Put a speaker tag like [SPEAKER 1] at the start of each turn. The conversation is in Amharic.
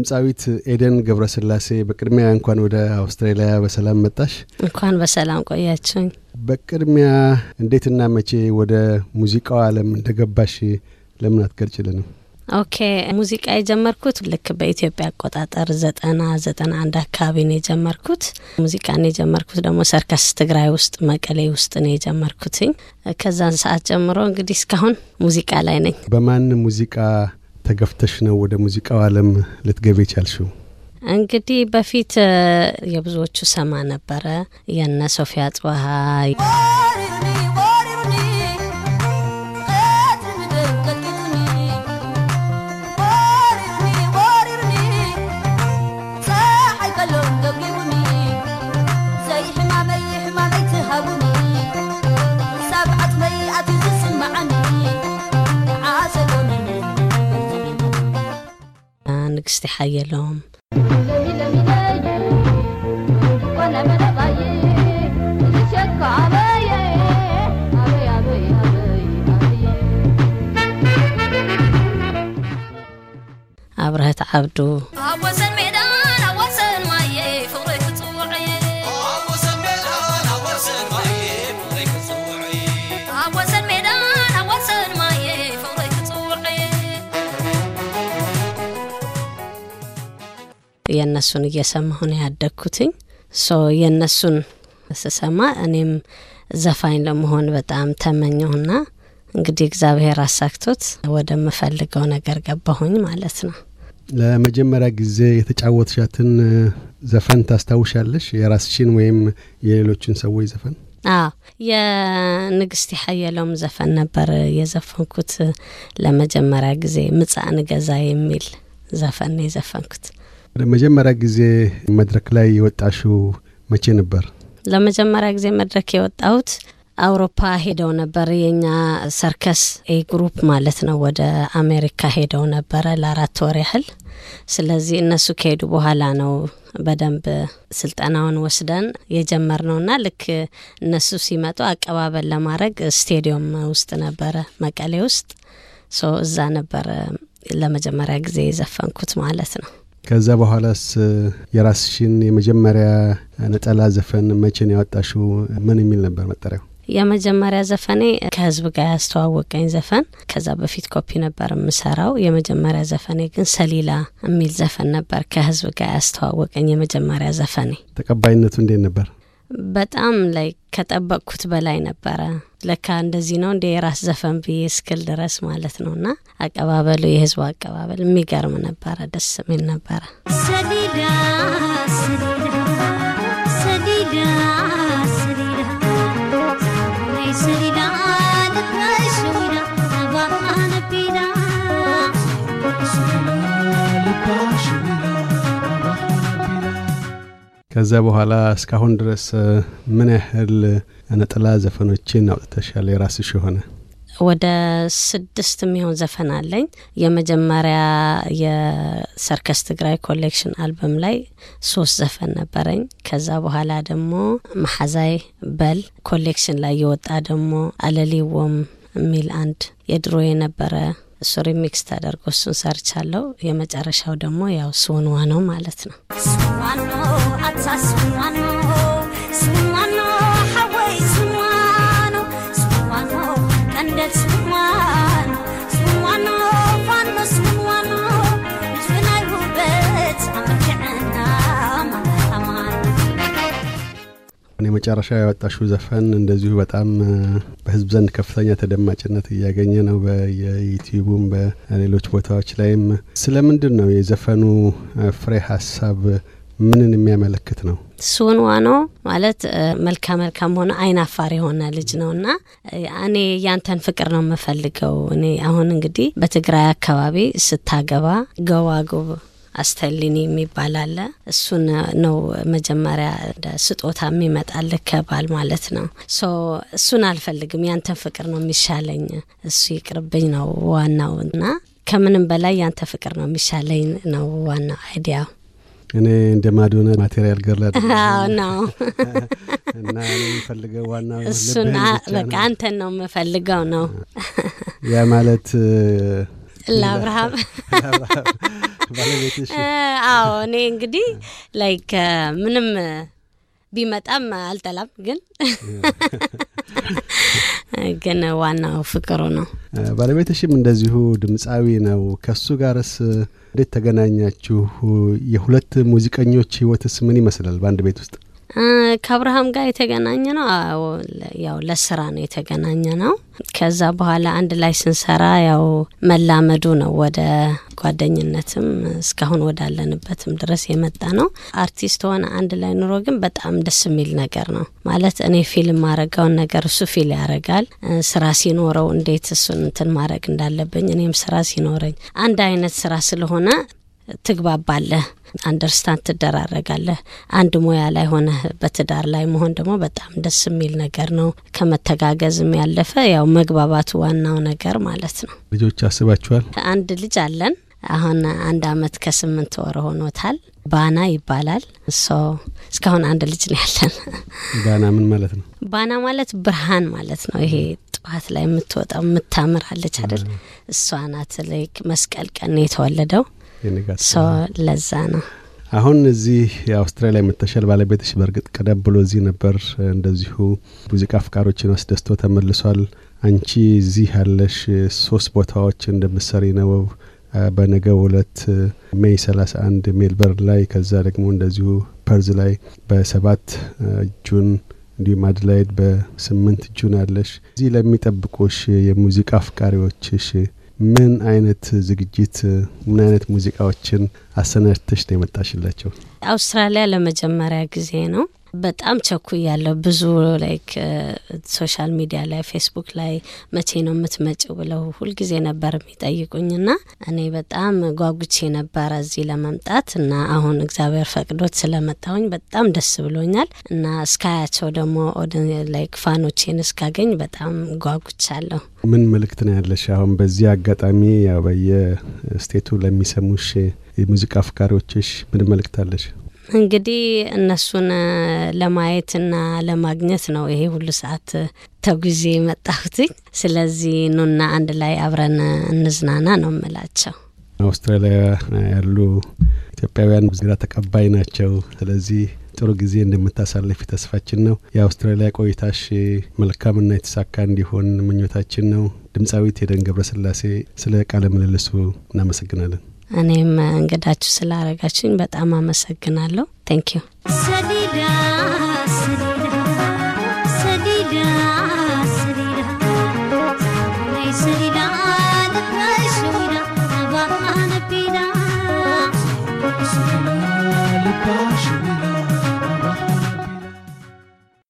[SPEAKER 1] ድምፃዊት ኤደን ገብረስላሴ በቅድሚያ እንኳን ወደ አውስትራሊያ በሰላም መጣሽ።
[SPEAKER 2] እንኳን በሰላም ቆያችን
[SPEAKER 1] በቅድሚያ እንዴትና መቼ ወደ ሙዚቃው አለም እንደገባሽ ለምን አትገልጭልንም?
[SPEAKER 2] ኦኬ ሙዚቃ የጀመርኩት ልክ በኢትዮጵያ አቆጣጠር ዘጠና ዘጠና አንድ አካባቢ ነው የጀመርኩት። ነው የጀመርኩት ደግሞ ሰርከስ ትግራይ ውስጥ መቀሌ ውስጥ ነው የጀመርኩትኝ። ከዛን ሰዓት ጀምሮ እንግዲህ እስካሁን ሙዚቃ ላይ ነኝ።
[SPEAKER 1] በማን ሙዚቃ ተገፍተሽ ነው ወደ ሙዚቃው አለም ልትገቢ ቻልሹ?
[SPEAKER 2] እንግዲህ በፊት የብዙዎቹ ሰማ ነበረ የነ ሶፊያ ጽባሀ لك استحية لهم عبرها عبدو የእነሱን እየሰማሁን ያደግኩትኝ። ሶ የእነሱን ስሰማ እኔም ዘፋኝ ለመሆን በጣም ተመኘሁና እንግዲህ እግዚአብሔር አሳክቶት ወደምፈልገው ነገር ገባሁኝ ማለት ነው።
[SPEAKER 1] ለመጀመሪያ ጊዜ የተጫወትሻትን ዘፈን ታስታውሻለሽ? የራስሽን ወይም የሌሎችን ሰዎች ዘፈን?
[SPEAKER 2] አዎ የንግስቲ ሀየለውም ዘፈን ነበር የዘፈንኩት ለመጀመሪያ ጊዜ ምጻ ንገዛ የሚል ዘፈን የዘፈንኩት።
[SPEAKER 1] ለመጀመሪያ ጊዜ መድረክ ላይ የወጣሽው መቼ ነበር?
[SPEAKER 2] ለመጀመሪያ ጊዜ መድረክ የወጣሁት አውሮፓ ሄደው ነበር። የኛ ሰርከስ ኤ ግሩፕ ማለት ነው። ወደ አሜሪካ ሄደው ነበረ ለአራት ወር ያህል። ስለዚህ እነሱ ከሄዱ በኋላ ነው በደንብ ስልጠናውን ወስደን የጀመርነውና ልክ እነሱ ሲመጡ አቀባበል ለማድረግ ስቴዲየም ውስጥ ነበረ መቀሌ ውስጥ ሶ እዛ ነበረ ለመጀመሪያ ጊዜ የዘፈንኩት ማለት ነው።
[SPEAKER 1] ከዛ በኋላስ የራስሽን የመጀመሪያ ነጠላ ዘፈን መቼን ያወጣሽው? ምን የሚል ነበር መጠሪያው?
[SPEAKER 2] የመጀመሪያ ዘፈኔ ከህዝብ ጋር ያስተዋወቀኝ ዘፈን። ከዛ በፊት ኮፒ ነበር የምሰራው። የመጀመሪያ ዘፈኔ ግን ሰሊላ የሚል ዘፈን ነበር። ከህዝብ ጋር ያስተዋወቀኝ የመጀመሪያ ዘፈኔ።
[SPEAKER 1] ተቀባይነቱ እንዴት ነበር?
[SPEAKER 2] በጣም ላይ ከጠበቅኩት በላይ ነበረ። ለካ እንደዚህ ነው እንደ የራስ ዘፈን ብዬ እስክል ድረስ ማለት ነው። እና አቀባበሉ የህዝቡ አቀባበል የሚገርም ነበረ፣ ደስ የሚል ነበረ።
[SPEAKER 1] ከዛ በኋላ እስካሁን ድረስ ምን ያህል ነጠላ ዘፈኖችን አውጥተሻል? የራስሽ የሆነ
[SPEAKER 2] ወደ ስድስት የሚሆን ዘፈን አለኝ። የመጀመሪያ የሰርከስ ትግራይ ኮሌክሽን አልበም ላይ ሶስት ዘፈን ነበረኝ። ከዛ በኋላ ደግሞ ማሐዛይ በል ኮሌክሽን ላይ የወጣ ደግሞ አለሊወም የሚል አንድ የድሮ የነበረ እሱ ሪሚክስ ተደርጎ እሱን ሰርቻለሁ። የመጨረሻው ደግሞ ያው ስውንዋ ነው ማለት ነው።
[SPEAKER 1] የመጨረሻ ያወጣሽው ዘፈን እንደዚሁ በጣም በህዝብ ዘንድ ከፍተኛ ተደማጭነት እያገኘ ነው፣ በየዩቲዩቡም በሌሎች ቦታዎች ላይም። ስለምንድን ነው የዘፈኑ ፍሬ ሀሳብ ምንን የሚያመለክት ነው?
[SPEAKER 2] ሱንዋ ዋኖ ማለት መልካ መልካም ሆነ አይን አፋር የሆነ ልጅ ነው እና እኔ ያንተን ፍቅር ነው የምፈልገው። እኔ አሁን እንግዲህ በትግራይ አካባቢ ስታገባ ገዋጉብ አስተሊኒ የሚባል አለ። እሱን ነው መጀመሪያ ስጦታ የሚመጣልህ ከባል ማለት ነው። ሶ እሱን አልፈልግም፣ ያንተን ፍቅር ነው የሚሻለኝ፣ እሱ ይቅርብኝ ነው ዋናው እና ከምንም በላይ ያንተ ፍቅር ነው የሚሻለኝ ነው ዋናው አይዲያው
[SPEAKER 1] እኔ እንደ ማዶነ ማቴሪያል ገር ነው እና የምፈልገው ዋና እሱና በቃ
[SPEAKER 2] አንተን ነው የምፈልገው ነው
[SPEAKER 1] ያ ማለት ለአብርሃም
[SPEAKER 2] አዎ እኔ እንግዲህ ላይክ ምንም ቢመጣም አልጠላም ግን ግን ዋናው ፍቅሩ ነው
[SPEAKER 1] ባለቤትሽም እንደዚሁ ድምፃዊ ነው። ከሱ ጋርስ እንዴት ተገናኛችሁ? የሁለት ሙዚቀኞች ህይወትስ ምን ይመስላል በአንድ ቤት ውስጥ?
[SPEAKER 2] ከአብርሃም ጋር የተገናኘ ነው። ያው ለስራ ነው የተገናኘ ነው። ከዛ በኋላ አንድ ላይ ስንሰራ ያው መላመዱ ነው ወደ ጓደኝነትም እስካሁን ወዳለንበትም ድረስ የመጣ ነው። አርቲስት ሆነ አንድ ላይ ኑሮ ግን በጣም ደስ የሚል ነገር ነው ማለት እኔ ፊልም ማረጋውን ነገር እሱ ፊል ያደርጋል። ስራ ሲኖረው እንዴት እሱን እንትን ማድረግ እንዳለብኝ እኔም ስራ ሲኖረኝ አንድ አይነት ስራ ስለሆነ ትግባባለህ፣ አንደርስታንድ ትደራረጋለህ። አንድ ሙያ ላይ ሆነህ በትዳር ላይ መሆን ደግሞ በጣም ደስ የሚል ነገር ነው። ከመተጋገዝም ያለፈ ያው መግባባቱ ዋናው ነገር ማለት ነው።
[SPEAKER 1] ልጆች አስባችኋል?
[SPEAKER 2] አንድ ልጅ አለን። አሁን አንድ አመት ከስምንት ወር ሆኖታል። ባና ይባላል። እሶ እስካሁን አንድ ልጅ ነው
[SPEAKER 1] ያለን። ባና ምን ማለት ነው?
[SPEAKER 2] ባና ማለት ብርሃን ማለት ነው። ይሄ ጠዋት ላይ የምትወጣው የምታምር አለች አይደል? እሷ ናት። መስቀል ቀን የተወለደው ሰው ለዛ ነው።
[SPEAKER 1] አሁን እዚህ የአውስትራሊያ የምትሻል ባለቤትሽ በእርግጥ ቀደም ብሎ እዚህ ነበር፣ እንደዚሁ ሙዚቃ አፍቃሪዎችን አስደስቶ ተመልሷል። አንቺ እዚህ ያለሽ ሶስት ቦታዎች እንደምሰሪ ነው። በነገ ሁለት ሜይ 31 ሜልበርን ላይ፣ ከዛ ደግሞ እንደዚሁ ፐርዝ ላይ በሰባት ጁን እንዲሁም አድላይድ በስምንት ጁን አለሽ። እዚህ ለሚጠብቁሽ የሙዚቃ አፍቃሪዎችሽ ምን አይነት ዝግጅት፣ ምን አይነት ሙዚቃዎችን አሰናድተሽ ነው የመጣሽላቸው?
[SPEAKER 2] አውስትራሊያ ለመጀመሪያ ጊዜ ነው በጣም ያለው ብዙ ላይክ ሶሻል ሚዲያ ላይ ፌስቡክ ላይ መቼ ነው የምትመጪው ብለው ሁልጊዜ ነበር የሚጠይቁኝ ና እኔ በጣም ጓጉቼ ነበረ እዚህ ለመምጣት እና አሁን እግዚአብሔር ፈቅዶት ስለመጣሁኝ በጣም ደስ ብሎኛል እና እስካያቸው ደግሞ ላይክ ፋኖቼን እስካገኝ በጣም ጓጉቻለሁ።
[SPEAKER 1] ምን መልእክት ነው ያለሽ አሁን በዚህ አጋጣሚ ያው ስቴቱ ለሚሰሙሽ የሙዚቃ አፍቃሪዎችሽ ምን መልእክት አለሽ?
[SPEAKER 2] እንግዲህ እነሱን ለማየትና ለማግኘት ነው ይሄ ሁሉ ሰዓት ተጉዜ መጣሁትኝ። ስለዚህ ኑና አንድ ላይ አብረን እንዝናና ነው ምላቸው።
[SPEAKER 1] አውስትራሊያ ያሉ ኢትዮጵያውያን ግራ ተቀባይ ናቸው። ስለዚህ ጥሩ ጊዜ እንደምታሳልፊ ተስፋችን ነው። የአውስትራሊያ ቆይታሽ መልካምና የተሳካ እንዲሆን ምኞታችን ነው። ድምፃዊት የደን ገብረስላሴ ስለ ቃለ ምልልሱ እናመሰግናለን።
[SPEAKER 2] እኔም እንግዳችሁ ስላረጋችኝ በጣም አመሰግናለሁ። ቴንክ ዩ